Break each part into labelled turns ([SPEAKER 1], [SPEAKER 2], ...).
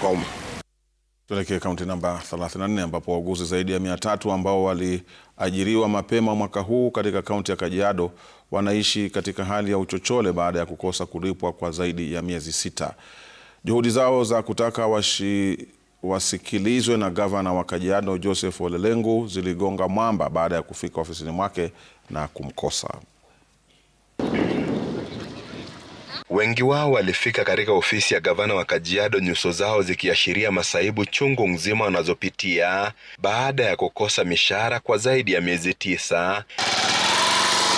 [SPEAKER 1] Goma. Tuelekee kaunti namba 34 ambapo wauguzi zaidi ya mia tatu ambao waliajiriwa mapema mwaka huu katika kaunti ya Kajiado wanaishi katika hali ya uchochole baada ya kukosa kulipwa kwa zaidi ya miezi sita. Juhudi zao za kutaka washi wasikilizwe na gavana wa Kajiado Joseph Olelengu ziligonga mwamba baada ya kufika ofisini mwake na kumkosa. Wengi wao walifika katika ofisi ya gavana wa Kajiado, nyuso zao zikiashiria masaibu chungu nzima wanazopitia baada ya kukosa mishahara kwa zaidi ya miezi tisa.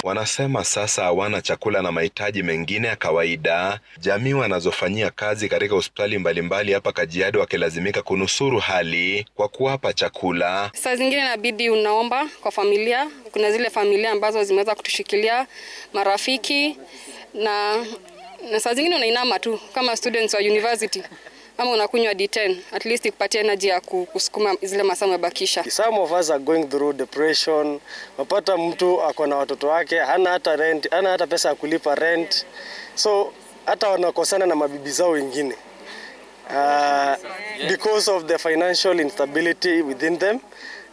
[SPEAKER 1] Wanasema sasa hawana chakula na mahitaji mengine ya kawaida. Jamii wanazofanyia kazi katika hospitali mbalimbali hapa Kajiado wakilazimika kunusuru hali kwa kuwapa chakula.
[SPEAKER 2] Saa zingine inabidi unaomba kwa familia. Kuna zile familia ambazo zimeweza kutushikilia, marafiki na na saa zingine unainama tu kama students wa university ama unakunywa D10 at least ikupatie energy ya kusukuma zile masomo yabakisha.
[SPEAKER 3] Some of us are going through depression. Wapata mtu ako na watoto wake, hana hata rent, hana hata pesa ya kulipa rent, so hata wanakosana na mabibi zao wengine uh, because of the financial instability within them,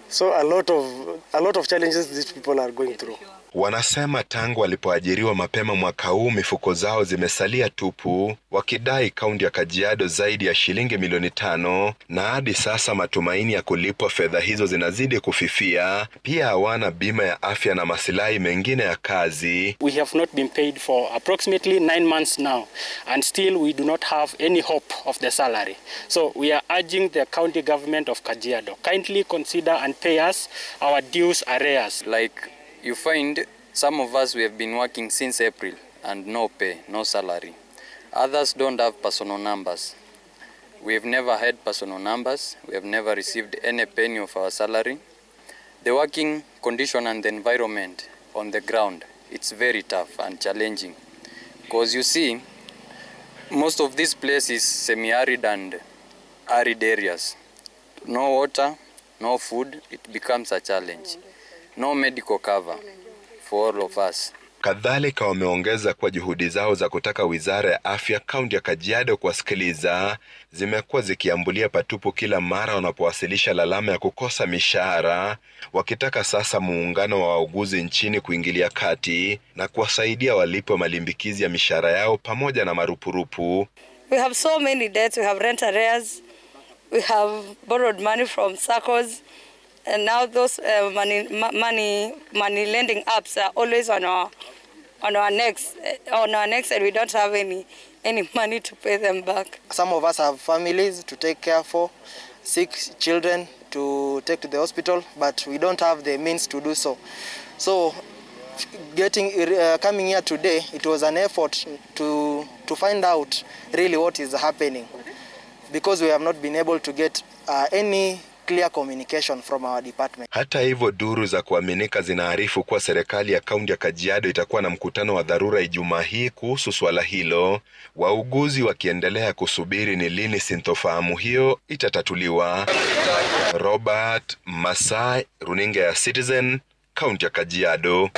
[SPEAKER 3] so a lot of, a lot of challenges these people are going through.
[SPEAKER 1] Wanasema tangu walipoajiriwa mapema mwaka huu mifuko zao zimesalia tupu, wakidai kaunti ya Kajiado zaidi ya shilingi milioni tano, na hadi sasa matumaini ya kulipwa fedha hizo zinazidi kufifia. Pia hawana bima ya afya na masilahi mengine ya kazi.
[SPEAKER 4] We have not been paid for approximately nine months now and still we do not have any hope of the salary. So we are urging the county government of Kajiado kindly consider and pay us our dues arrears
[SPEAKER 5] like You find some of us we have been working since April and no pay, no salary. Others don't have personal numbers. We have never had personal numbers. We have never received any penny of our salary. The working condition and the environment on the ground, it's very tough and challenging. Because you see, most of this place is semi-arid and arid areas. No water, no food, it becomes a challenge no medical cover for all of us.
[SPEAKER 1] Kadhalika wameongeza kuwa juhudi zao za kutaka wizara ya afya kaunti ya Kajiado kuwasikiliza zimekuwa zikiambulia patupu kila mara wanapowasilisha lalama ya kukosa mishahara, wakitaka sasa muungano wa wauguzi nchini kuingilia kati na kuwasaidia walipwe malimbikizi ya mishahara yao pamoja na marupurupu.
[SPEAKER 6] We have so many debts, we have rent arrears, we have borrowed money from SACCOs. And now those uh, money, money, money lending apps are always on our, on our necks, uh, on our necks and we don't have any, any money to pay them back.
[SPEAKER 3] Some of us have families to take care for, sick children to take to the hospital, but we don't have the means to do so. So getting uh, coming here today, it was an effort to, to find out really what is happening because we have not been able to get uh, any clear communication from our department.
[SPEAKER 1] Hata hivyo duru za kuaminika zinaarifu kuwa serikali ya kaunti ya Kajiado itakuwa na mkutano wa dharura Ijumaa hii kuhusu swala hilo, wauguzi wakiendelea kusubiri ni lini sintofahamu hiyo itatatuliwa. Robert Masai, runinga ya Citizen, kaunti ya Kajiado.